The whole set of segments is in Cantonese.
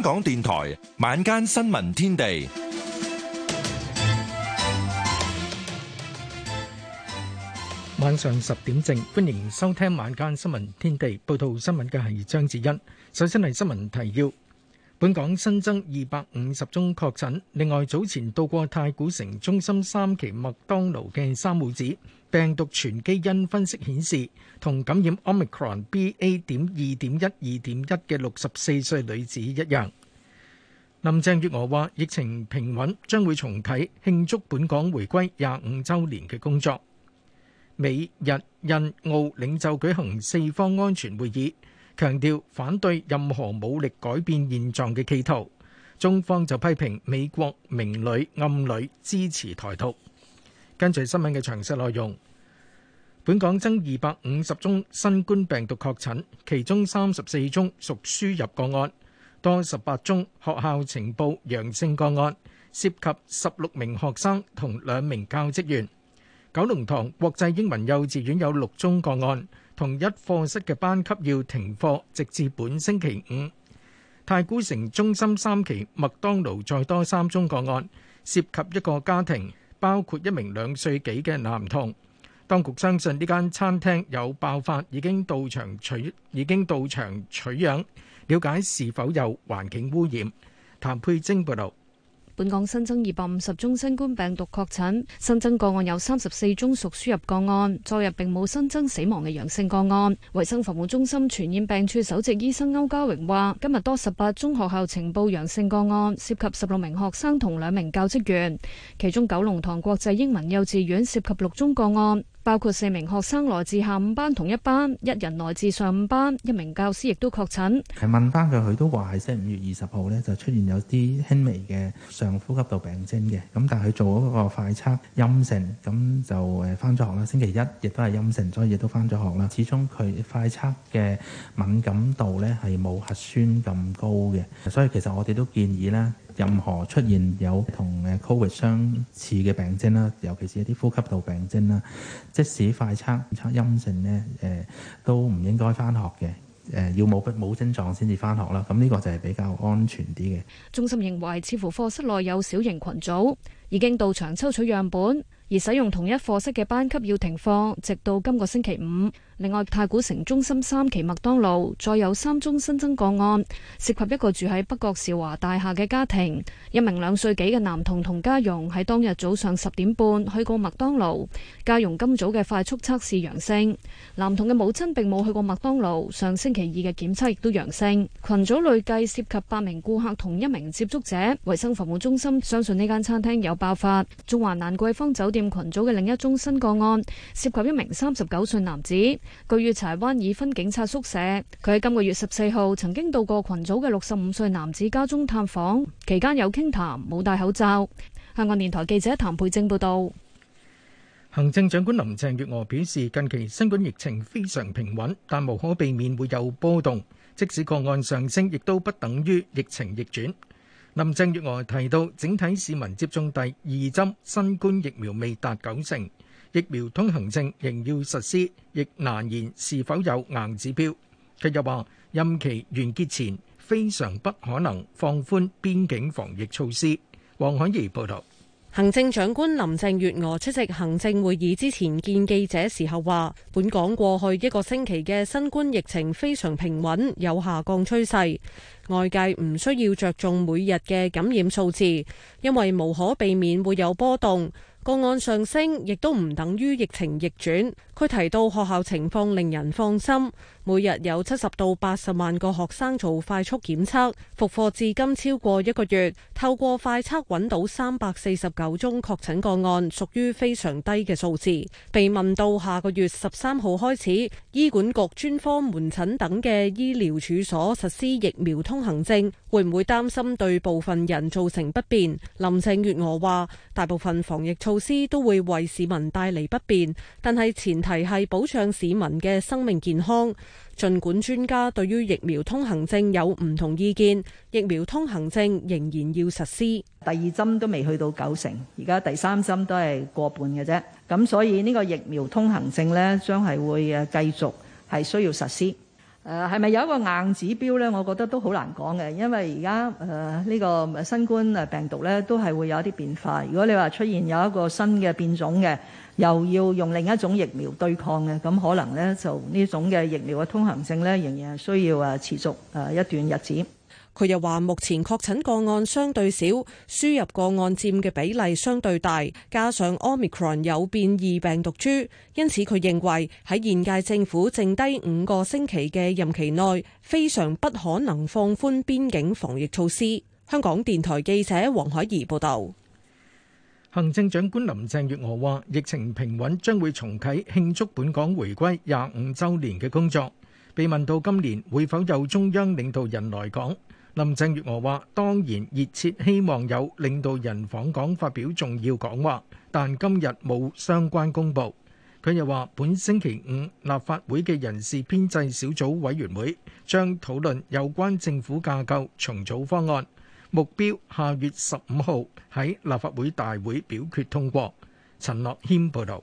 香港電台晚間新聞天地，晚上十點正，歡迎收聽晚間新聞天地。報道新聞嘅係張智恩。首先係新聞提要。本港新增二百五十宗確診，另外早前到過太古城中心三期麥當勞嘅三母子，病毒全基因分析顯示同感染 Omicron BA 點二點一二點一嘅六十四歲女子一樣。林鄭月娥話：疫情平穩，將會重啟慶祝本港回歸廿五週年嘅工作。美日印澳領袖舉行四方安全會議。強調反對任何武力改變現狀嘅企圖，中方就批評美國明裏暗裏支持台獨。跟住新聞嘅詳細內容，本港增二百五十宗新冠病毒確診，其中三十四宗屬輸入個案，多十八宗學校情報陽性個案，涉及十六名學生同兩名教職員。九龍塘國際英文幼稚園有六宗個案。同一課室嘅班級要停課，直至本星期五。太古城中心三期麥當勞再多三宗個案，涉及一個家庭，包括一名兩歲幾嘅男童。當局相信呢間餐廳有爆發，已經到場取已經到場取樣，了解是否有環境污染。譚佩晶報道。本港新增二百五十宗新冠病毒確診，新增個案有三十四宗屬輸入個案。昨日並冇新增死亡嘅陽性個案。衛生防護中心傳染病處首席醫生歐家榮話，今日多十八宗學校呈報陽性個案，涉及十六名學生同兩名教職員，其中九龍塘國際英文幼稚園涉及六宗個案。包括四名學生來自下午班同一班，一人來自上午班，一名教師亦都確診。係問翻佢，佢都話係，即係五月二十號咧就出現有啲輕微嘅上呼吸道病徵嘅，咁但係佢做咗個快測陰性，咁就誒翻咗學啦。星期一亦都係陰性，所以亦都翻咗學啦。始終佢快測嘅敏感度咧係冇核酸咁高嘅，所以其實我哋都建議咧。任何出現有同誒 COVID 相似嘅病徵啦，尤其是一啲呼吸道病徵啦，即使快測測陰性咧，誒、呃、都唔應該返學嘅誒、呃，要冇冇症狀先至返學啦。咁、這、呢個就係比較安全啲嘅。中心認為，似乎課室內有小型群組，已經到場抽取樣本，而使用同一課室嘅班級要停課，直到今個星期五。另外，太古城中心三期麥當勞再有三宗新增個案，涉及一個住喺北角兆華大廈嘅家庭。一名兩歲幾嘅男童同家傭喺當日早上十點半去過麥當勞，家傭今早嘅快速測試陽性。男童嘅母親並冇去過麥當勞，上星期二嘅檢測亦都陽性。群組累計涉及八名顧客同一名接觸者。衛生防護中心相信呢間餐廳有爆發。中環蘭桂坊酒店群組嘅另一宗新個案，涉及一名三十九歲男子。據於柴灣已婚警察宿舍，佢喺今個月十四號曾經到過群組嘅六十五歲男子家中探訪，期間有傾談，冇戴口罩。香港電台記者譚佩正報導。行政長官林鄭月娥表示，近期新冠疫情非常平穩，但無可避免會有波動，即使個案上升，亦都不等於疫情逆轉。林鄭月娥提到，整體市民接種第二針新冠疫苗未達九成。疫苗通行證仍要實施，亦難言是否有硬指標。佢又話：任期完結前，非常不可能放寬邊境防疫措施。黃海怡報道。行政長官林鄭月娥出席行政會議之前見記者時候話：本港過去一個星期嘅新冠疫情非常平穩，有下降趨勢。外界唔需要着重每日嘅感染數字，因為無可避免會有波動。個案上升，亦都唔等於疫情逆轉。佢提到學校情況令人放心。每日有七十到八十萬個學生做快速檢測，復課至今超過一個月，透過快測揾到三百四十九宗確診個案，屬於非常低嘅數字。被問到下個月十三號開始，醫管局專科門診等嘅醫療處所實施疫苗通行證，會唔會擔心對部分人造成不便？林鄭月娥話：大部分防疫措施都會為市民帶嚟不便，但係前提係保障市民嘅生命健康。盡管專家對於疫苗通行證有唔同意見，疫苗通行證仍然要實施。第二針都未去到九成，而家第三針都係過半嘅啫。咁所以呢個疫苗通行證呢，將係會誒繼續係需要實施。誒、呃，係咪有一個硬指標呢？我覺得都好難講嘅，因為而家誒呢個新冠病毒呢，都係會有一啲變化。如果你話出現有一個新嘅變種嘅。又要用另一種疫苗對抗嘅，咁可能咧就呢種嘅疫苗嘅通行性咧仍然係需要啊持續誒一段日子。佢又話目前確診個案相對少，輸入個案佔嘅比例相對大，加上 Omicron 有變異病毒株，因此佢認為喺現屆政府剩低五個星期嘅任期內非常不可能放寬邊境防疫措施。香港電台記者黃海怡報道。行政長官林鄭月娥話：疫情平穩，將會重啟慶祝本港回歸廿五週年嘅工作。被問到今年會否有中央領導人來港，林鄭月娥話：當然熱切希望有領導人訪港發表重要講話，但今日冇相關公佈。佢又話：本星期五立法會嘅人事編制小組委員會將討論有關政府架構重組方案。目標下月十五號喺立法會大會表決通過。陳樂謙報道。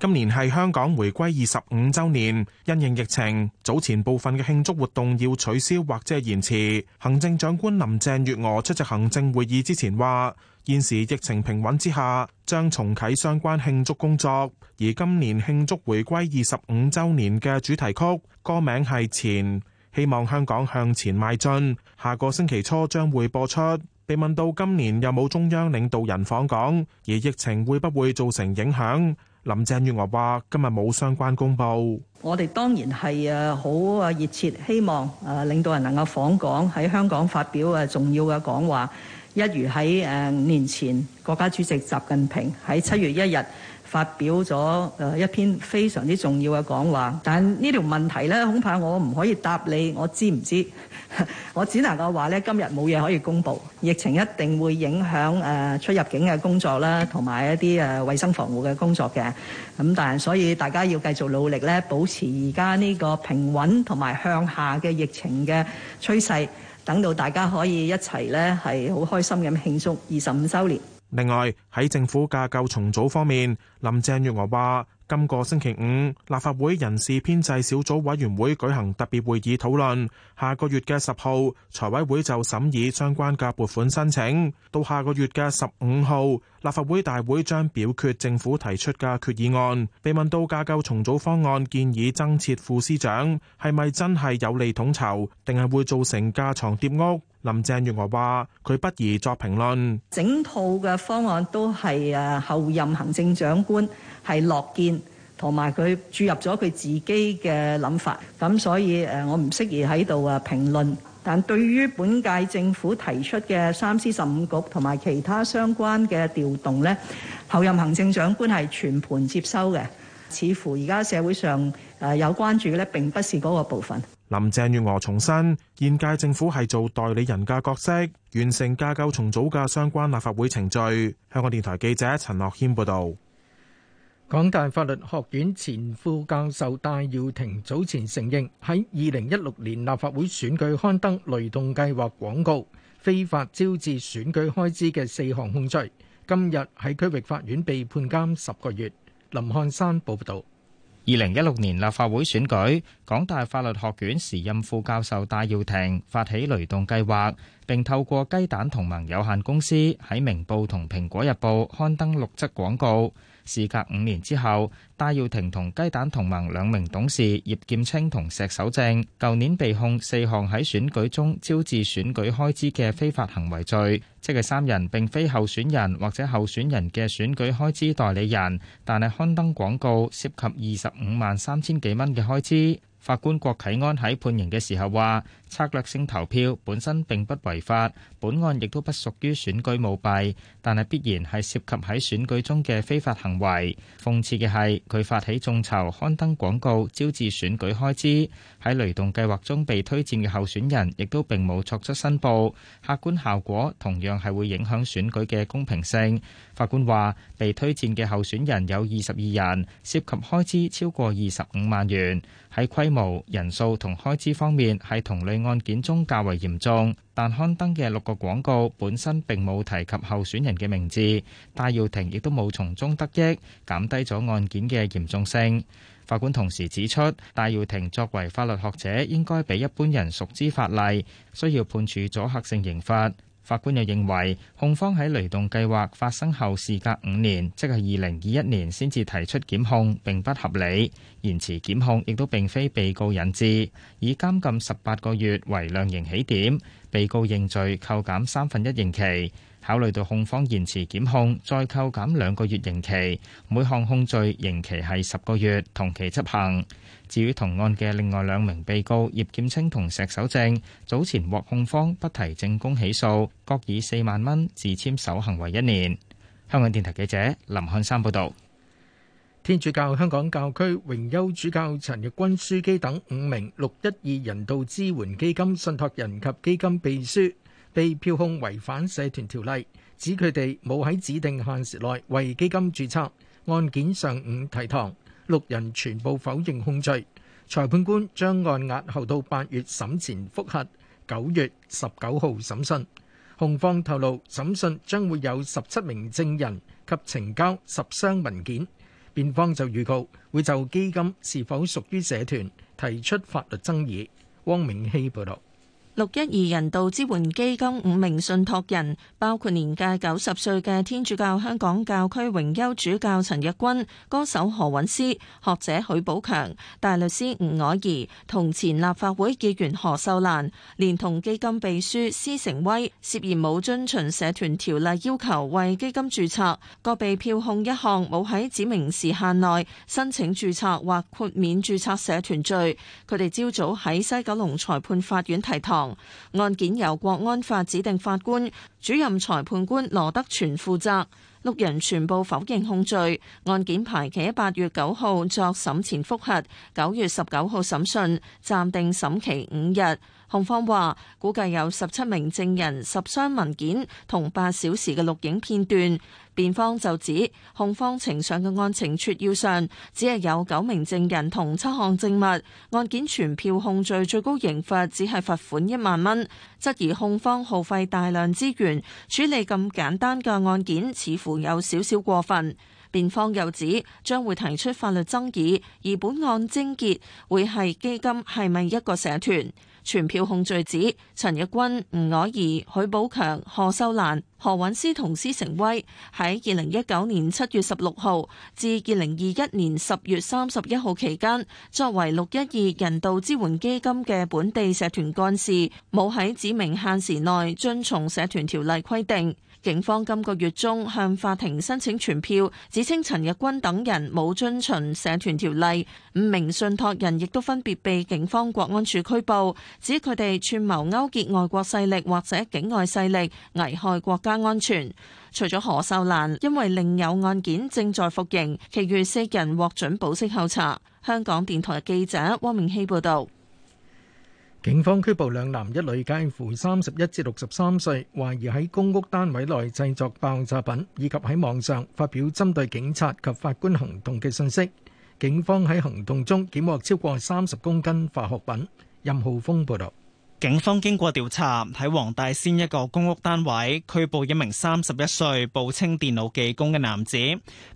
今年係香港回歸二十五周年，因應疫情，早前部分嘅慶祝活動要取消或者延遲。行政長官林鄭月娥出席行政會議之前話，現時疫情平穩之下，將重啟相關慶祝工作。而今年慶祝回歸二十五周年嘅主題曲歌名係「前」。希望香港向前邁進，下個星期初將會播出。被問到今年有冇中央領導人訪港，而疫情會不會造成影響，林鄭月娥話：今日冇相關公佈。我哋當然係誒好啊熱切希望誒領導人能夠訪港，喺香港發表誒重要嘅講話，一如喺誒年前，國家主席習近平喺七月一日。發表咗誒一篇非常之重要嘅講話，但呢條問題咧，恐怕我唔可以答你，我知唔知？ 我只能夠話咧，今日冇嘢可以公布，疫情一定會影響誒、呃、出入境嘅工作啦，同埋一啲誒衞生防護嘅工作嘅。咁但係所以大家要繼續努力咧，保持而家呢個平穩同埋向下嘅疫情嘅趨勢，等到大家可以一齊咧係好開心咁慶祝二十五週年。另外，喺政府架構重組方面，林鄭月娥話。今個星期五，立法會人事編制小組委員會舉行特別會議討論，下個月嘅十號，財委會就審議相關嘅撥款申請；到下個月嘅十五號，立法會大會將表決政府提出嘅決議案。被問到架構重組方案建議增設副司長，係咪真係有利統籌，定係會造成架床疊屋？林鄭月娥話：佢不宜作評論。整套嘅方案都係誒後任行政長官。係樂見同埋佢注入咗佢自己嘅諗法，咁所以誒，我唔適宜喺度啊評論。但對於本屆政府提出嘅三司十五局同埋其他相關嘅調動呢，候任行政長官係全盤接收嘅。似乎而家社會上誒有關注嘅咧，並不是嗰個部分。林鄭月娥重申，現屆政府係做代理人嘅角色，完成架構重組嘅相關立法會程序。香港電台記者陳樂軒報導。港大法律學院前副教授戴耀廷早前承認喺二零一六年立法會選舉刊登雷動計劃廣告，非法招致選舉開支嘅四項控罪。今日喺區域法院被判監十個月。林漢山報道。二零一六年立法會選舉，港大法律學院時任副教授戴耀廷發起雷動計劃，並透過雞蛋同盟有限公司喺《明報》同《蘋果日報》刊登六則廣告。事隔五年之後，戴耀廷同雞蛋同盟兩名董事葉劍青同石守正，舊年被控四項喺選舉中招致選舉開支嘅非法行為罪。即係三人並非候選人或者候選人嘅選舉開支代理人，但係刊登廣告涉及二十五萬三千幾蚊嘅開支。法官郭啟安喺判刑嘅時候話，策略性投票本身並不違法，本案亦都不屬於選舉舞弊，但係必然係涉及喺選舉中嘅非法行為。諷刺嘅係，佢發起眾籌、刊登廣告、招致選舉開支，喺雷動計劃中被推薦嘅候選人，亦都並冇作出申報，客觀效果同樣係會影響選舉嘅公平性。法官話：被推薦嘅候選人有二十二人，涉及開支超過二十五萬元，喺規模、人數同開支方面係同類案件中較為嚴重。但刊登嘅六個廣告本身並冇提及候選人嘅名字，戴耀廷亦都冇從中得益，減低咗案件嘅嚴重性。法官同時指出，戴耀廷作為法律學者，應該比一般人熟知法例，需要判處阻嚇性刑罰。法官又認為，控方喺雷動計劃發生後，事隔五年，即係二零二一年先至提出檢控，並不合理。延遲檢控亦都並非被告引致，以監禁十八個月為量刑起點。被告認罪扣減三分一刑期，考慮到控方延遲檢控，再扣減兩個月刑期。每項控罪刑期係十個月，同期執行。至於同案嘅另外兩名被告葉劍清同石守正，早前獲控方不提證供起訴，各以四萬蚊自簽守行為一年。香港電台記者林漢山報導。天主教香港教區榮休主教陳日君樞機等五名六一二人道支援基金信託人及基金秘書被票控違反社團條例，指佢哋冇喺指定限時內為基金註冊。案件上午提堂。六人全部否認控罪，裁判官將案押後到八月審前覆核，九月十九號審訊。控方透露審訊將會有十七名證人及呈交十箱文件。辯方就預告會就基金是否屬於社團提出法律爭議。汪明希報道。六一二人道支援基金五名信託人，包括年屆九十歲嘅天主教香港教區榮休主教陳日君、歌手何韻詩、學者許寶強、大律師吳靄儀同前立法會議員何秀蘭連同基金秘書施成威，涉嫌冇遵循社團條例要求為基金注冊，各被票控一項冇喺指明時限內申請注冊或豁免注冊社團罪。佢哋朝早喺西九龍裁判法院提堂。案件由國安法指定法官、主任裁判官羅德全負責，六人全部否認控罪。案件排期喺八月九號作審前復核，九月十九號審訊，暫定審期五日。控方話估計有十七名證人、十箱文件同八小時嘅錄影片段。辯方就指控方呈上嘅案情撮要上，只係有九名證人同七項證物，案件全票控罪最高刑罰只係罰款一萬蚊，質疑控方耗費大量資源處理咁簡單嘅案件，似乎有少少過分。辯方又指將會提出法律爭議，而本案症結會係基金係咪一個社團。全票控罪指陳日君、吳靄儀、許寶強、何秀蘭、何韻詩同施城威喺二零一九年七月十六號至二零二一年十月三十一號期間，作為六一二人道支援基金嘅本地社團幹事，冇喺指明限時內遵從社團條例規定。警方今個月中向法庭申請傳票，指稱陳日君等人冇遵循社團條例。五名信託人亦都分別被警方國安處拘捕，指佢哋串謀勾結外國勢力或者境外勢力，危害國家安全。除咗何秀蘭因為另有案件正在服刑，其餘四人獲准保釋候查。香港電台記者汪明熙報道。警方拘捕兩男一女，介乎三十一至六十三歲，懷疑喺公屋單位內製作爆炸品，以及喺網上發表針對警察及法官行動嘅信息。警方喺行動中檢獲超過三十公斤化學品。任浩峰報道。警方經過調查，喺黃大仙一個公屋單位拘捕一名三十一歲報稱電腦技工嘅男子，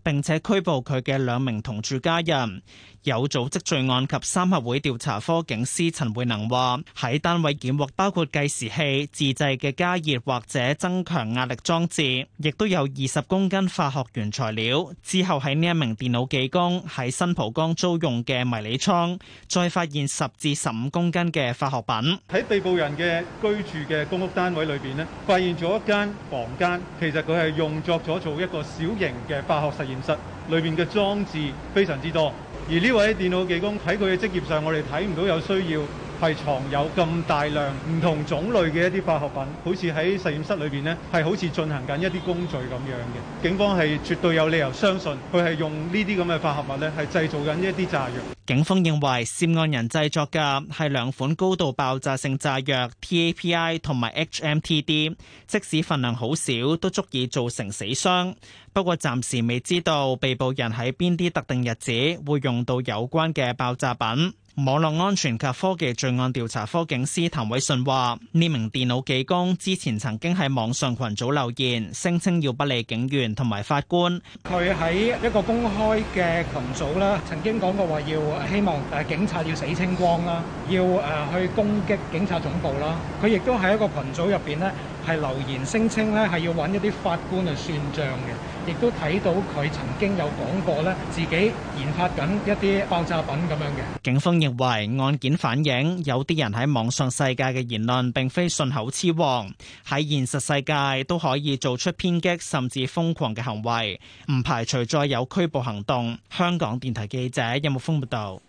並且拘捕佢嘅兩名同住家人。有組織罪案及三合會調查科警司陳慧能話：喺單位檢獲包括計時器、自製嘅加熱或者增強壓力裝置，亦都有二十公斤化學原材料。之後喺呢一名電腦技工喺新蒲崗租用嘅迷你倉，再發現十至十五公斤嘅化學品。喺被捕人嘅居住嘅公屋單位裏邊呢，發現咗一間房間，其實佢係用作咗做一個小型嘅化學實驗室，裏邊嘅裝置非常之多。而呢位電腦技工喺佢嘅職業上，我哋睇唔到有需要。係藏有咁大量唔同種類嘅一啲化學品，好似喺實驗室裏邊呢，係好似進行緊一啲工序咁樣嘅。警方係絕對有理由相信佢係用呢啲咁嘅化學物呢，係製造緊一啲炸藥。警方認為涉案人製作嘅係兩款高度爆炸性炸藥 TAPI 同埋 HMTD，即使份量好少，都足以造成死傷。不過暫時未知道被捕人喺邊啲特定日子會用到有關嘅爆炸品。網絡安全及科技罪案調查科警司譚偉信話：呢名電腦技工之前曾經喺網上群組留言，聲稱要不利警員同埋法官。佢喺一個公開嘅群組啦，曾經講過話要希望誒警察要死清光啦，要誒去攻擊警察總部啦。佢亦都喺一個群組入邊呢，係留言聲稱咧，係要揾一啲法官去算賬嘅，亦都睇到佢曾經有講過咧，自己研發緊一啲爆炸品咁樣嘅。警方認為案件反映有啲人喺網上世界嘅言論並非信口雌黃，喺現實世界都可以做出偏激甚至瘋狂嘅行為，唔排除再有拘捕行動。香港電台記者任木峯報道。有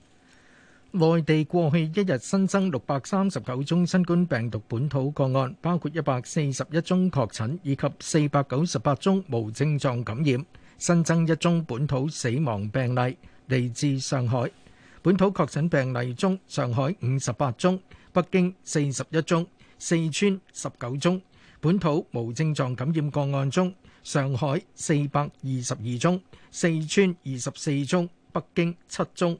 內地過去一日新增六百三十九宗新冠病毒本土個案，包括一百四十一宗確診以及四百九十八宗無症狀感染，新增一宗本土死亡病例，嚟自上海。本土確診病例中，上海五十八宗，北京四十一宗，四川十九宗。本土無症狀感染個案中，上海四百二十二宗，四川二十四宗，北京七宗。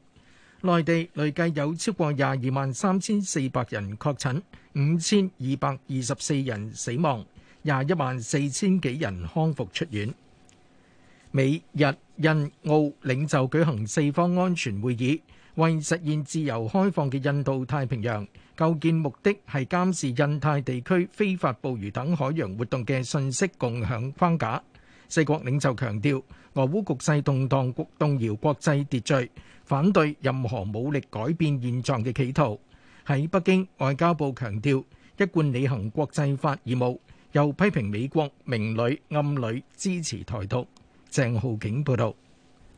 內地累計有超過廿二萬三千四百人確診，五千二百二十四人死亡，廿一萬四千幾人康復出院。美、日、印、澳領袖舉行四方安全會議，為實現自由開放嘅印度太平洋，構建目的係監視印太地區非法捕魚等海洋活動嘅信息共享框架。四國領袖強調，俄烏局勢動盪，動搖國際秩序。反對任何武力改變現狀嘅企圖。喺北京，外交部強調一貫履行國際法義務，又批評美國明裏暗裏支持台獨。鄭浩景報導。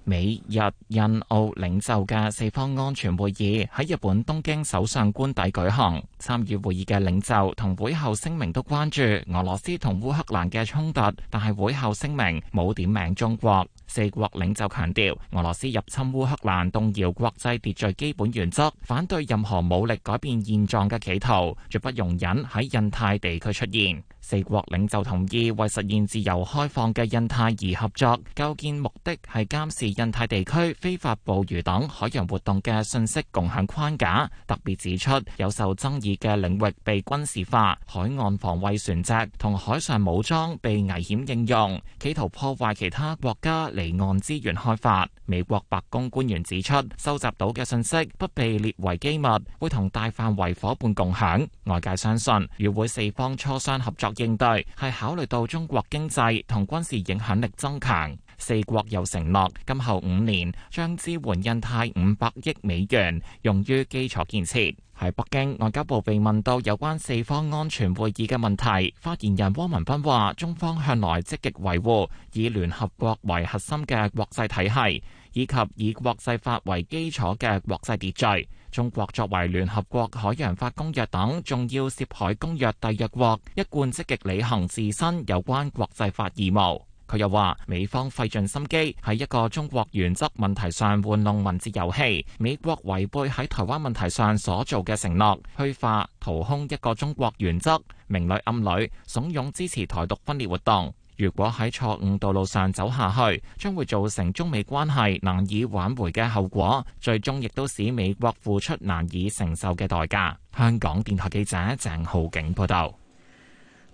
美日印澳領袖嘅四方安全會議喺日本東京首相官邸舉行，參與會議嘅領袖同會後聲明都關注俄羅斯同烏克蘭嘅衝突，但係會後聲明冇點名中國。四國領袖強調，俄羅斯入侵烏克蘭動搖國際秩序基本原則，反對任何武力改變現狀嘅企圖，絕不容忍喺印太地區出現。四國領袖同意為實現自由開放嘅印太而合作，構建目的係監視印太地區非法捕魚等海洋活動嘅信息共享框架。特別指出，有受爭議嘅領域被軍事化，海岸防衛船隻同海上武裝被危險應用，企圖破壞其他國家離岸資源開發，美國白宮官員指出，收集到嘅信息不被列為機密，會同大範圍伙伴共享。外界相信，與會四方磋商合作應對，係考慮到中國經濟同軍事影響力增強。四國又承諾，今後五年將支援印太五百億美元，用於基礎建設。喺北京，外交部被問到有關四方安全會議嘅問題，發言人汪文斌話：中方向來積極維護以聯合國為核心嘅國際體系，以及以國際法為基礎嘅國際秩序。中國作為聯合國海洋法公約等重要涉海公約締約國，一貫積極履行自身有關國際法義務。佢又話：美方費盡心機喺一個中國原則問題上玩弄文字遊戲，美國違背喺台灣問題上所做嘅承諾，虛化、掏空一個中國原則，明裏暗裏慫恿支持台獨分裂活動。如果喺錯誤道路上走下去，將會造成中美關係難以挽回嘅後果，最終亦都使美國付出難以承受嘅代價。香港電台記者鄭浩景報道。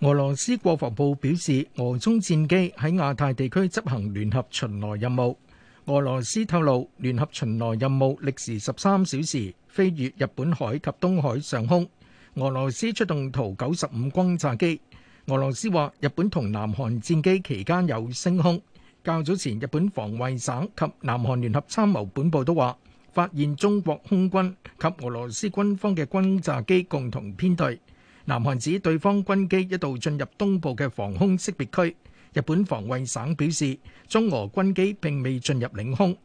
俄羅斯國防部表示，俄中戰機喺亞太地區執行聯合巡邏任務。俄羅斯透露，聯合巡邏任務歷時十三小時，飛越日本海及東海上空。俄羅斯出動圖九十五轟炸機。俄羅斯話，日本同南韓戰機期間有升空。較早前，日本防衛省及南韓聯合參謀本部都話，發現中國空軍及俄羅斯軍方嘅轟炸機共同編隊。南韓指對方軍機一度進入東部嘅防空識別區，日本防衛省表示中俄軍機並未進入領空。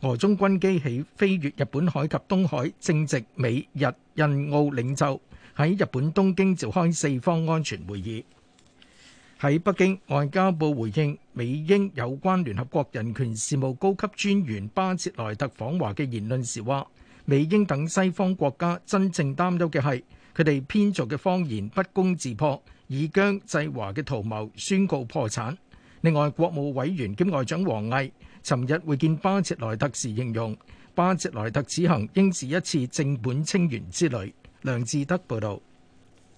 俄中軍機起飛越日本海及東海，正值美日印澳領袖喺日本東京召開四方安全會議。喺北京，外交部回應美英有關聯合國人權事務高級專員巴切萊特訪華嘅言論時話，美英等西方國家真正擔憂嘅係。佢哋編造嘅謊言不攻自破，以疆制華嘅圖謀宣告破產。另外，國務委員兼外長王毅尋日會見巴切萊特時應用，形容巴切萊特此行應是一次正本清源之旅。梁志德報導。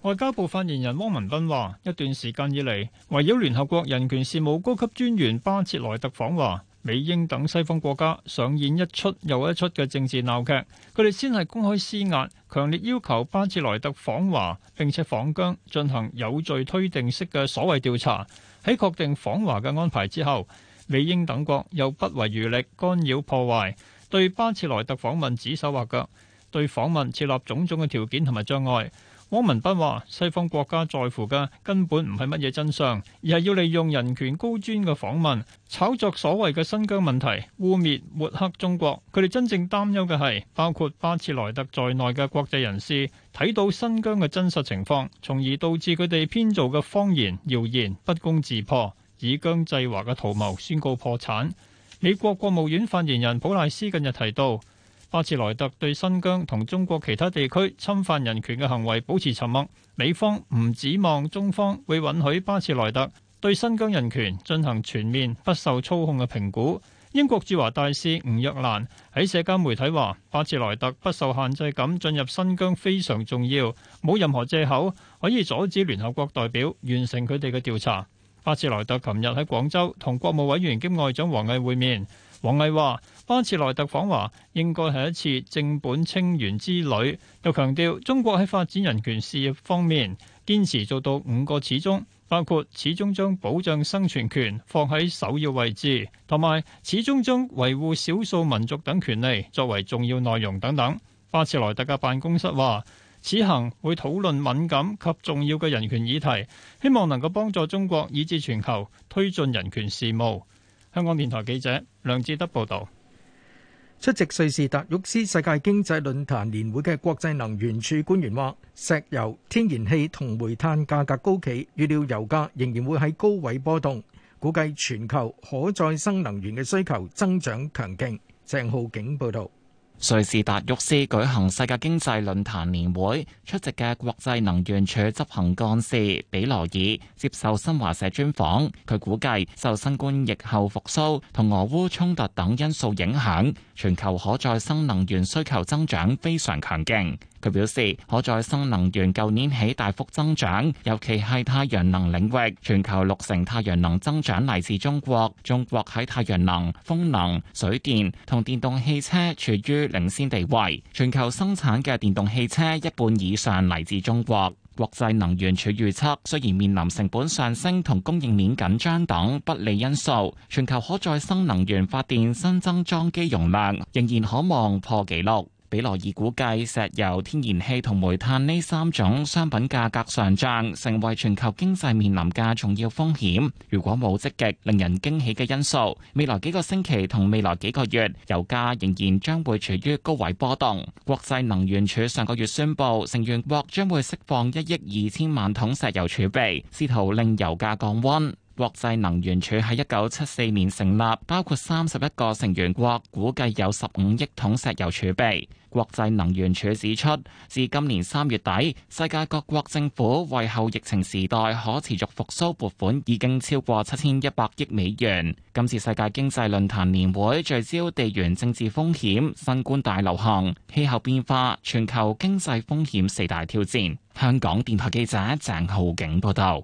外交部發言人汪文斌話：一段時間以嚟，圍繞聯合國人權事務高級專員巴切萊特訪華。美英等西方國家上演一出又一出嘅政治鬧劇，佢哋先係公開施壓，強烈要求巴切萊特訪華並且訪疆，進行有罪推定式嘅所謂調查。喺確定訪華嘅安排之後，美英等國又不遺餘力干擾破壞，對巴切萊特訪問指手畫腳，對訪問設立種種嘅條件同埋障礙。汪文斌話：西方國家在乎嘅根本唔係乜嘢真相，而係要利用人權高專嘅訪問，炒作所謂嘅新疆問題，污蔑抹黑中國。佢哋真正擔憂嘅係，包括巴切萊特在內嘅國際人士睇到新疆嘅真實情況，從而導致佢哋編造嘅謊言、謠言不攻自破，以疆制華嘅圖謀宣告破產。美國國務院發言人普賴斯近日提到。巴切萊特對新疆同中國其他地區侵犯人權嘅行為保持沉默。美方唔指望中方會允許巴切萊特對新疆人權進行全面不受操控嘅評估。英國駐華大使吳若蘭喺社交媒體話：巴切萊特不受限制咁進入新疆非常重要，冇任何借口可以阻止聯合國代表完成佢哋嘅調查。巴切萊特琴日喺廣州同國務委員兼外長王毅會面。王毅話：巴切萊特訪華應該係一次正本清源之旅。又強調中國喺發展人權事業方面堅持做到五個始終，包括始終將保障生存權放喺首要位置，同埋始終將維護少數民族等權利作為重要內容等等。巴切萊特嘅辦公室話：此行會討論敏感及重要嘅人權議題，希望能夠幫助中國以至全球推進人權事務。香港電台記者梁志德報道，出席瑞士達沃斯世界經濟論壇年會嘅國際能源署官員話，石油、天然氣同煤炭價格高企，預料油價仍然會喺高位波動。估計全球可再生能源嘅需求增長強勁。鄭浩景報道。瑞士達沃斯舉行世界經濟論壇年會，出席嘅國際能源署執行幹事比羅爾接受新華社專訪，佢估計受新冠疫後復蘇同俄烏衝突等因素影響，全球可再生能源需求增長非常強勁。佢表示，可再生能源舊年起大幅增長，尤其係太陽能領域。全球六成太陽能增長嚟自中國，中國喺太陽能、風能、水電同電動汽車處於領先地位。全球生產嘅電動汽車一半以上嚟自中國。國際能源署預測，雖然面臨成本上升同供應鏈緊張等不利因素，全球可再生能源發電新增裝機容量仍然可望破紀錄。比羅爾估計，石油、天然氣同煤炭呢三種商品價格上漲，成為全球經濟面臨嘅重要風險。如果冇積極、令人驚喜嘅因素，未來幾個星期同未來幾個月，油價仍然將會處於高位波動。國際能源署上個月宣布，成員國將會釋放一億二千萬桶石油儲備，試圖令油價降溫。國際能源署喺一九七四年成立，包括三十一個成員國，估計有十五億桶石油儲備。國際能源署指出，至今年三月底，世界各國政府為後疫情時代可持續復蘇撥款已經超過七千一百億美元。今次世界經濟論壇年會聚焦地緣政治風險、新冠大流行、氣候變化、全球經濟風險四大挑戰。香港電台記者鄭浩景報道。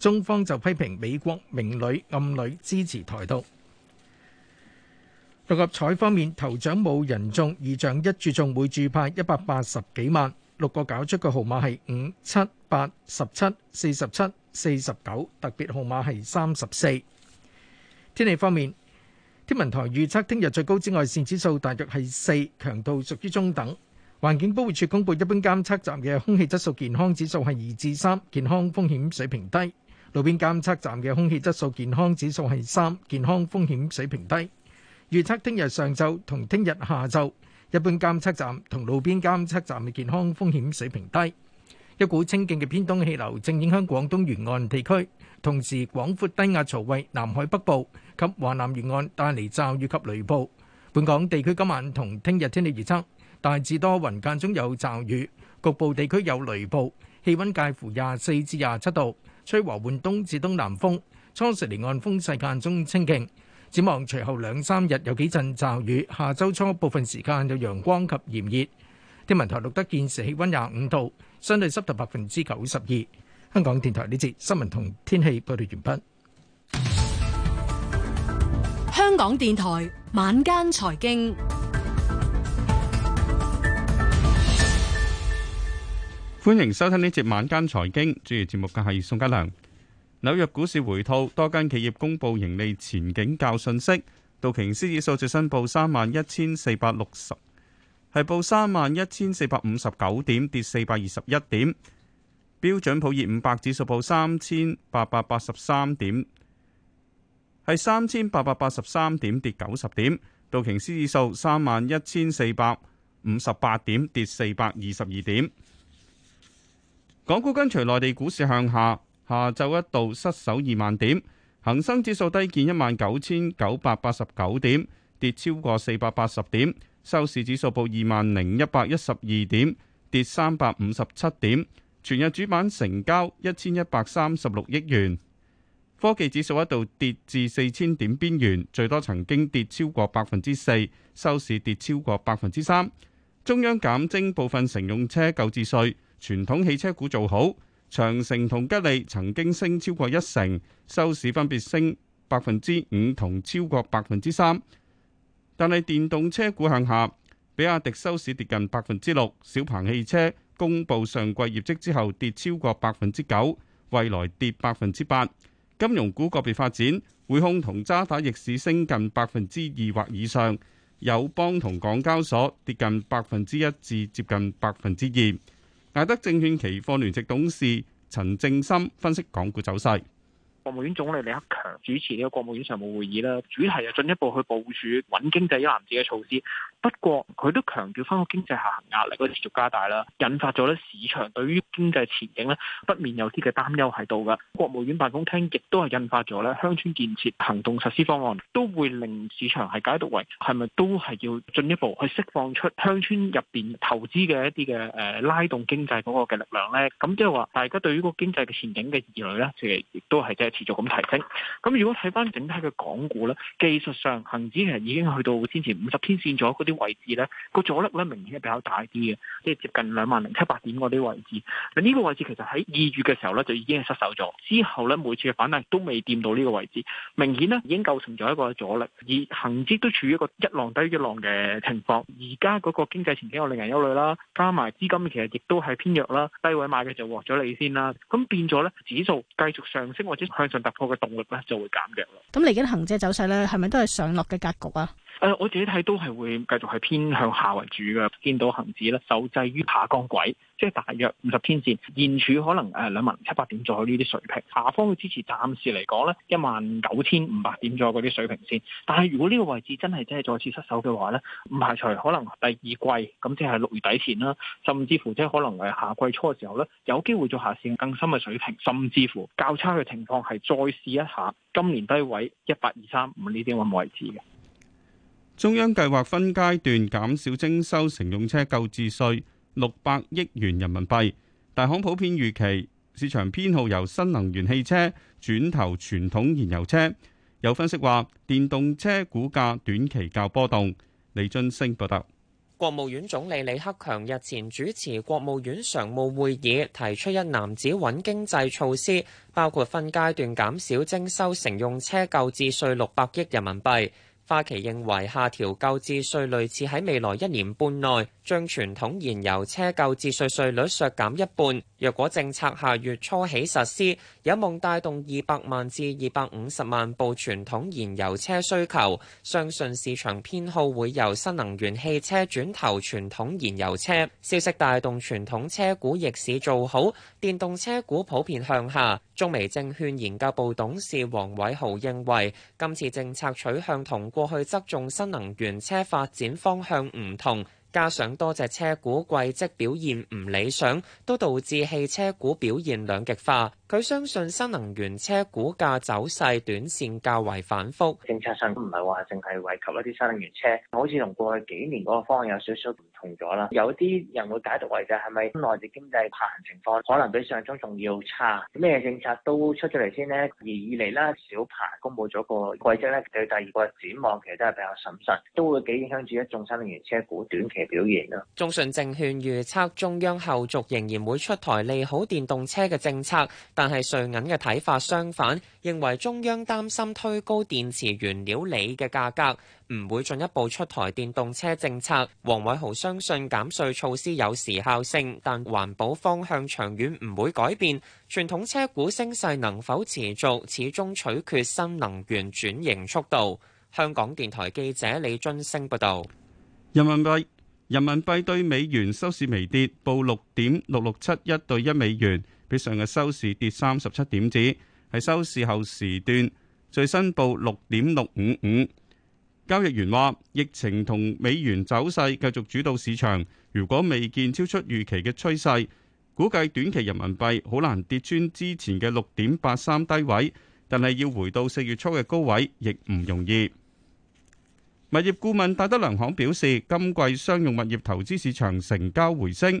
中方就批評美國明裏暗裏支持台獨。六合彩方面，頭獎冇人中，二獎一注中，每注派一百八十幾萬。六個攪出嘅號碼係五、七、八、十七、四十七、四十九，特別號碼係三十四。天氣方面，天文台預測聽日最高紫外線指數大約係四，強度屬於中等。環境保護署公布一般監測站嘅空氣質素健康指數係二至三，健康風險水平低。路邊監測站嘅空氣質素健康指數係三，健康風險水平低。預測聽日上晝同聽日下晝，一般監測站同路邊監測站嘅健康風險水平低。一股清勁嘅偏東氣流正影響廣東沿岸地區，同時廣闊低壓槽為南海北部及華南沿岸帶嚟驟雨及雷暴。本港地區今晚同聽日天氣預測大致多雲間中有驟雨，局部地區有雷暴，氣溫介乎廿四至廿七度。吹和緩東至東南風，初時離岸風勢間中清勁。展望隨後兩三日有幾陣驟雨，下周初部分時間有陽光及炎熱。天文台錄得現時氣溫廿五度，相對濕度百分之九十二。香港電台呢節新聞同天氣報道完畢。香港電台晚間財經。歡迎收聽呢節晚間財經，主持節目嘅係宋嘉良。紐約股市回吐，多間企業公布盈利前景較信息。道瓊斯指數最新報三萬一千四百六十，係報三萬一千四百五十九點，跌四百二十一點。標準普爾五百指數報三千八百八十三點，係三千八百八十三點跌九十點。道瓊斯指數三萬一千四百五十八點，跌四百二十二點。港股跟隨內地股市向下，下晝一度失守二萬點，恒生指數低見一萬九千九百八十九點，跌超過四百八十點，收市指數報二萬零一百一十二點，跌三百五十七點。全日主板成交一千一百三十六億元。科技指數一度跌至四千點邊緣，最多曾經跌超過百分之四，收市跌超過百分之三。中央減徵部分乘用車購置稅。傳統汽車股做好，長城同吉利曾經升超過一成，收市分別升百分之五同超過百分之三。但係電動車股向下，比亞迪收市跌近百分之六，小鵬汽車公佈上季業績之後跌超過百分之九，蔚來跌百分之八。金融股個別發展，匯控同渣打逆市升近百分之二或以上，友邦同港交所跌近百分之一至接近百分之二。艾德證券期貨聯席董事陳正森分析港股走勢。國務院總理李克強主持呢個國務院常務會議啦，主題就進一步去部署穩經濟一攬子嘅措施。不過佢都強調翻個經濟下行壓力嗰持續加大啦，引發咗咧市場對於經濟前景咧不免有啲嘅擔憂喺度噶。國務院辦公廳亦都係印發咗咧鄉村建設行動實施方案，都會令市場係解讀為係咪都係要進一步去釋放出鄉村入邊投資嘅一啲嘅誒拉動經濟嗰個嘅力量咧？咁即係話大家對於個經濟嘅前景嘅疑慮咧，其實亦都係即係。繼續咁提升。咁如果睇翻整體嘅港股咧，技術上恒指其實已經去到先前五十天線咗嗰啲位置咧，個阻力咧明顯係比較大啲嘅，即係接近兩萬零七八點嗰啲位置。呢個位置其實喺二月嘅時候咧就已經係失守咗，之後咧每次嘅反彈都未掂到呢個位置，明顯呢已經構成咗一個阻力。而恒指都處於一個一浪低一浪嘅情況，而家嗰個經濟前景又令人憂慮啦，加埋資金其實亦都係偏弱啦，低位買嘅就獲咗利先啦。咁變咗咧，指數繼續上升或者。相信突破嘅動力咧就會減弱。咁嚟緊行者走勢咧，係咪都係上落嘅格局啊？誒、呃，我自己睇都係會繼續係偏向下為主嘅，見到恒指咧，受制於下降軌，即係大約五十天綫現處可能誒兩萬七八點左右呢啲水平，下方嘅支持暫時嚟講咧一萬九千五百點左右嗰啲水平先。但係如果呢個位置真係真係再次失守嘅話咧，唔排除可能第二季咁即係六月底前啦，啊，甚至乎即係可能係下季初嘅時候咧，有機會做下綫更深嘅水平，甚至乎較差嘅情況係再試一下今年低位一八二三五呢啲位位置嘅。中央計劃分階段減少徵收乘用車購置稅六百億元人民幣。大行普遍預期市場偏好由新能源汽車轉投傳統燃油車。有分析話，電動車股價短期較波動。李俊升報道。國務院總理李克強日前主持國務院常務會議，提出一男子穩經濟措施，包括分階段減少徵收乘用車購置稅六百億人民幣。花旗認為，下調購置稅類似喺未來一年半內將傳統燃油車購置稅稅率削減一半。若果政策下月初起實施，有望帶動二百萬至二百五十萬部傳統燃油車需求。相信市場偏好會由新能源汽車轉投傳統燃油車。消息帶動傳統車股逆市做好，電動車股普遍向下。中美證券研究部董事黃偉豪認為，今次政策取向同過去側重新能源車發展方向唔同，加上多隻車股季績表現唔理想，都導致汽車股表現兩極化。佢相信新能源車股價走勢短線較為反覆。政策上都唔係話淨係惠及一啲新能源車，好似同過去幾年嗰個方向有少少唔同咗啦。有啲人會解讀為，就係咪內地經濟下行情況可能比上中仲要差，咩政策都出咗嚟，先呢？而以嚟啦，小鵬公佈咗個季績咧，佢第二個展望其實都係比較審慎，都會幾影響住一眾新能源車股短期表現噶。中信證券預測，中央後續仍然會出台利好電動車嘅政策。但係，瑞銀嘅睇法相反，認為中央擔心推高電池原料鋰嘅價格，唔會進一步出台電動車政策。黃偉豪相信減稅措施有時效性，但環保方向長遠唔會改變。傳統車股升勢能否持續，始終取決新能源轉型速度。香港電台記者李津升報道：人民幣人民幣對美元收市微跌，報六點六六七一對一美元。比上日收市跌三十七點子，係收市後時段，最新報六點六五五。交易員話，疫情同美元走勢繼續主導市場，如果未見超出預期嘅趨勢，估計短期人民幣好難跌穿之前嘅六點八三低位，但係要回到四月初嘅高位亦唔容易。物業顧問戴德梁行表示，今季商用物業投資市場成交回升。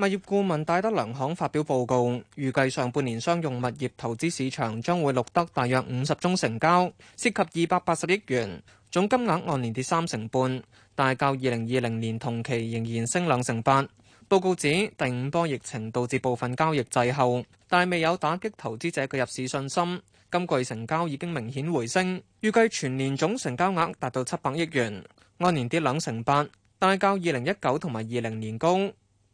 物業顧問戴德梁行發表報告，預計上半年商用物業投資市場將會錄得大約五十宗成交，涉及二百八十億元，總金額按年跌三成半，但較二零二零年同期仍然升兩成八。報告指第五波疫情導致部分交易滯後，但未有打擊投資者嘅入市信心。今季成交已經明顯回升，預計全年總成交額達到七百億元，按年跌兩成八，但較二零一九同埋二零年高。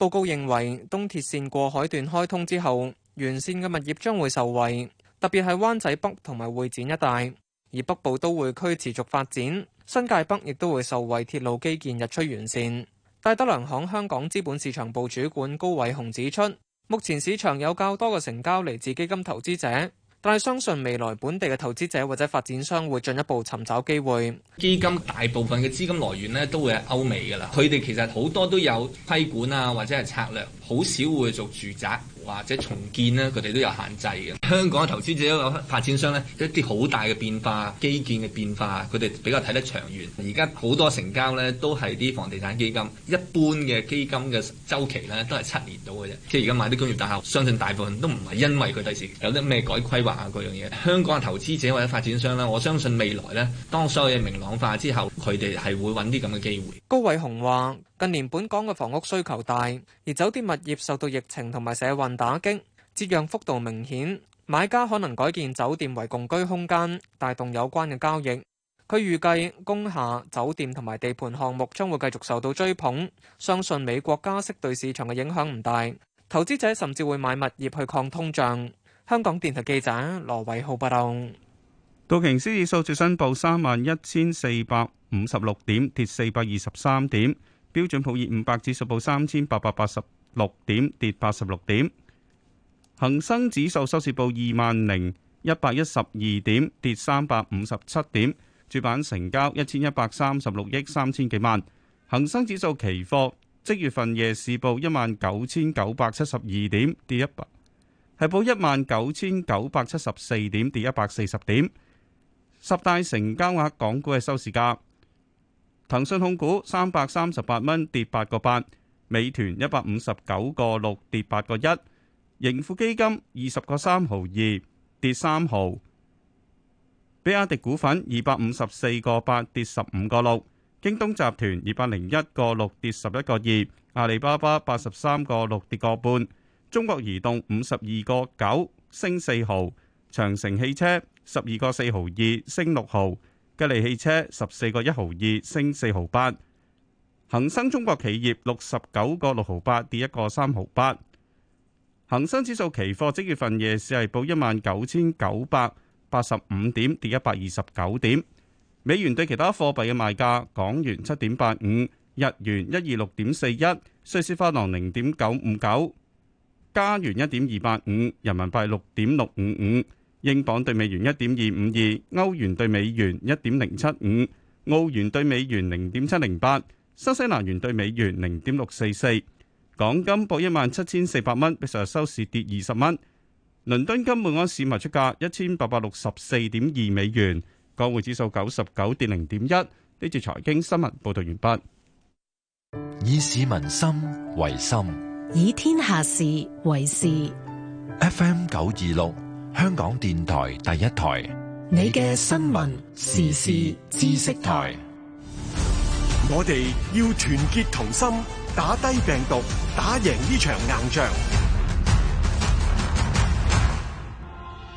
報告認為，東鐵綫過海段開通之後，沿綫嘅物業將會受惠，特別係灣仔北同埋會展一帶，而北部都會區持續發展，新界北亦都會受惠鐵路基建日趨完善。戴德梁行香港資本市場部主管高偉雄指出，目前市場有較多嘅成交嚟自基金投資者。但係相信未來本地嘅投資者或者發展商會進一步尋找機會。基金大部分嘅資金來源咧都會係歐美㗎啦，佢哋其實好多都有規管啊，或者係策略，好少會做住宅。或者重建呢，佢哋都有限制嘅。香港嘅投資者或者發展商咧，一啲好大嘅變化、基建嘅變化，佢哋比較睇得長遠。而家好多成交呢，都係啲房地產基金。一般嘅基金嘅周期呢，都係七年到嘅啫。即係而家買啲工業大廈，相信大部分都唔係因為佢第時有啲咩改規劃啊嗰樣嘢。香港嘅投資者或者發展商呢，我相信未來呢，當所有嘢明朗化之後，佢哋係會揾啲咁嘅機會。高偉雄話。近年本港嘅房屋需求大，而酒店物業受到疫情同埋社運打擊，折讓幅度明顯。買家可能改建酒店為共居空間，帶動有關嘅交易。佢預計工廈酒店同埋地盤項目將會繼續受到追捧。相信美國加息對市場嘅影響唔大，投資者甚至會買物業去抗通脹，香港電台記者羅偉浩不報道。道瓊斯指數最新報三萬一千四百五十六點，跌四百二十三點。標準普爾五百指數報三千八百八十六點，跌八十六點。恒生指數收市報二萬零一百一十二點，跌三百五十七點。主板成交一千一百三十六億三千幾萬。恒生指數期貨即月份夜市報一萬九千九百七十二點，跌一百，係報一萬九千九百七十四點，跌一百四十點。十大成交額港股嘅收市價。騰訊控股三百三十八蚊，跌八個八；美團一百五十九個六，跌八個一；盈富基金二十個三毫二，跌三毫；比亞迪股份二百五十四個八，跌十五個六；京東集團二百零一個六，跌十一個二；阿里巴巴八十三個六，跌個半；中國移動五十二個九，升四毫；長城汽車十二個四毫二，升六毫。吉利汽車十四個一毫二升四毫八，恒生中國企業六十九個六毫八跌一個三毫八，恒生指數期貨即月份夜市係報一萬九千九百八十五點跌一百二十九點。美元對其他貨幣嘅賣價：港元七點八五，日元一二六點四一，瑞士法郎零點九五九，加元一點二八五，人民幣六點六五五。英鎊兌美元一點二五二，歐元兌美元一點零七五，澳元兌美元零點七零八，新西蘭元兌美元零點六四四。港金報一萬七千四百蚊，比上日收市跌二十蚊。倫敦金每安士賣出價一千八百六十四點二美元，港匯指數九十九跌零點一。呢段財經新聞報道完畢。以市民心為心，以天下事為事。F.M. 九二六。香港電台第一台，你嘅新聞時事知識台。我哋要團結同心，打低病毒，打贏呢場硬仗。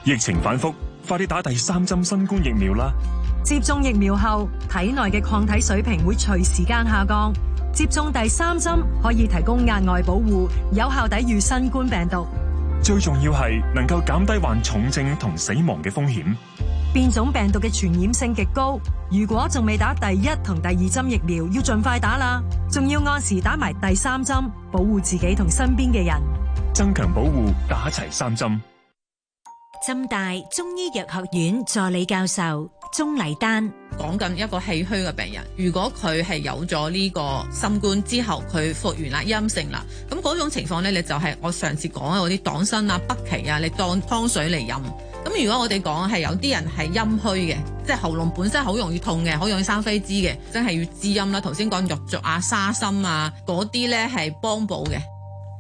疫情反覆，快啲打第三針新冠疫苗啦！接種疫苗後，體內嘅抗體水平會隨時間下降。接種第三針可以提供額外保護，有效抵禦新冠病毒。最重要係能夠減低患重症同死亡嘅風險。變種病毒嘅傳染性極高，如果仲未打第一同第二針疫苗，要盡快打啦。仲要按時打埋第三針，保護自己同身邊嘅人。增強保護，打齊三針。浸大中醫藥學院助理教授鍾麗丹講緊一個氣虛嘅病人，如果佢係有咗呢個新冠之後，佢復原啦，陰性啦，咁嗰種情況呢，你就係、是、我上次講嘅嗰啲黨參啊、北芪啊，你當湯水嚟飲。咁如果我哋講係有啲人係陰虛嘅，即係喉嚨本身好容易痛嘅，好容易生痱滋嘅，真係要滋陰啦。頭先講玉竹啊、沙參啊嗰啲呢係幫補嘅。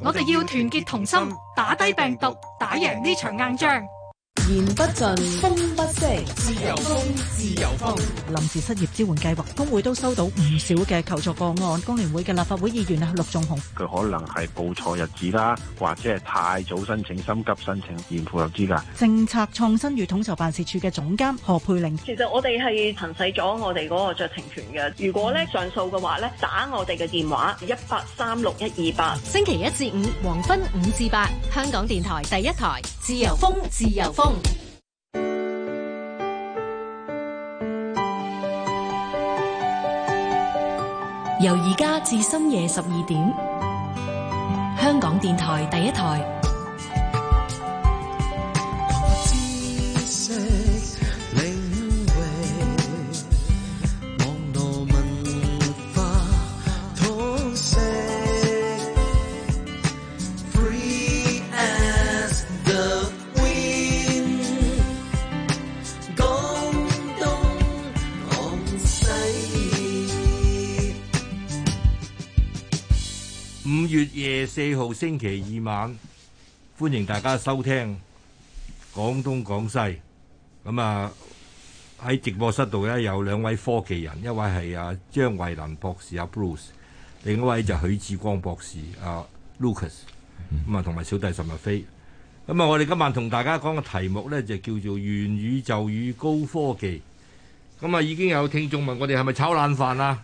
我哋要團結同心，打低病毒，打贏呢場硬仗。言不盡。不自由風，自由風。臨時失業支援計劃，工會都收到唔少嘅求助個案。工聯會嘅立法會議員啊，陸仲雄，佢可能係報錯日子啦，或者係太早申請、心急申請、現符合資格。政策創新與統籌辦事處嘅總監何佩玲，其實我哋係行使咗我哋嗰個酌情權嘅。如果咧上訴嘅話咧，打我哋嘅電話一八三六一二八。星期一至五黃昏五至八，香港電台第一台，自由風，自由風。由而家至深夜十二點，香港電台第一台。四號星期二晚，歡迎大家收聽廣東廣西。咁啊喺直播室度咧有兩位科技人，一位係啊張慧林博士啊 Bruce，另一位就許志光博士啊 Lucas，咁啊同埋小弟岑日飛。咁啊，我哋今晚同大家講嘅題目咧就叫做《元宇宙與高科技》。咁啊，已經有聽眾問我哋係咪炒冷飯啊？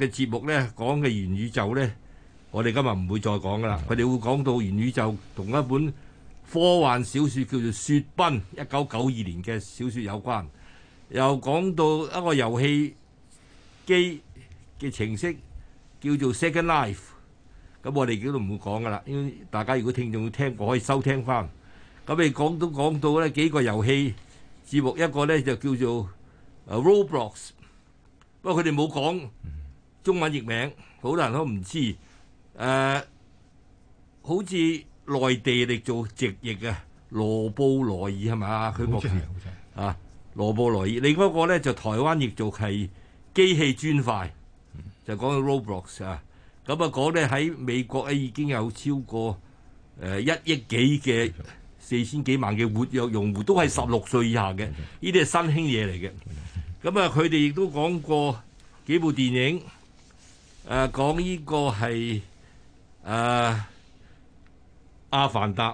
嘅節目呢，講嘅元宇宙呢，我哋今日唔會再講噶啦。佢哋會講到元宇宙同一本科幻小説叫做《雪崩》，一九九二年嘅小説有關，又講到一個遊戲機嘅程式叫做 Second Life。咁我哋都唔會講噶啦。因為大家如果聽眾會聽過，可以收聽翻。咁你講都講到呢幾個遊戲節目，一個呢就叫做《Roblox》，不過佢哋冇講。中文譯名好多人都唔知，誒、呃，好似內地嚟做直譯嘅羅布羅爾係咪？佢個名啊，羅布萊爾羅爾，另一個咧就台灣譯做係機器磚塊，嗯、就講到 Roblox 啊。咁啊講咧喺美國咧已經有超過誒一億幾嘅四千幾萬嘅活躍用戶，都係十六歲以下嘅，呢啲係新興嘢嚟嘅。咁、嗯、啊，佢哋亦都講過幾部電影。誒、呃、講呢個係誒《呃、阿凡達》。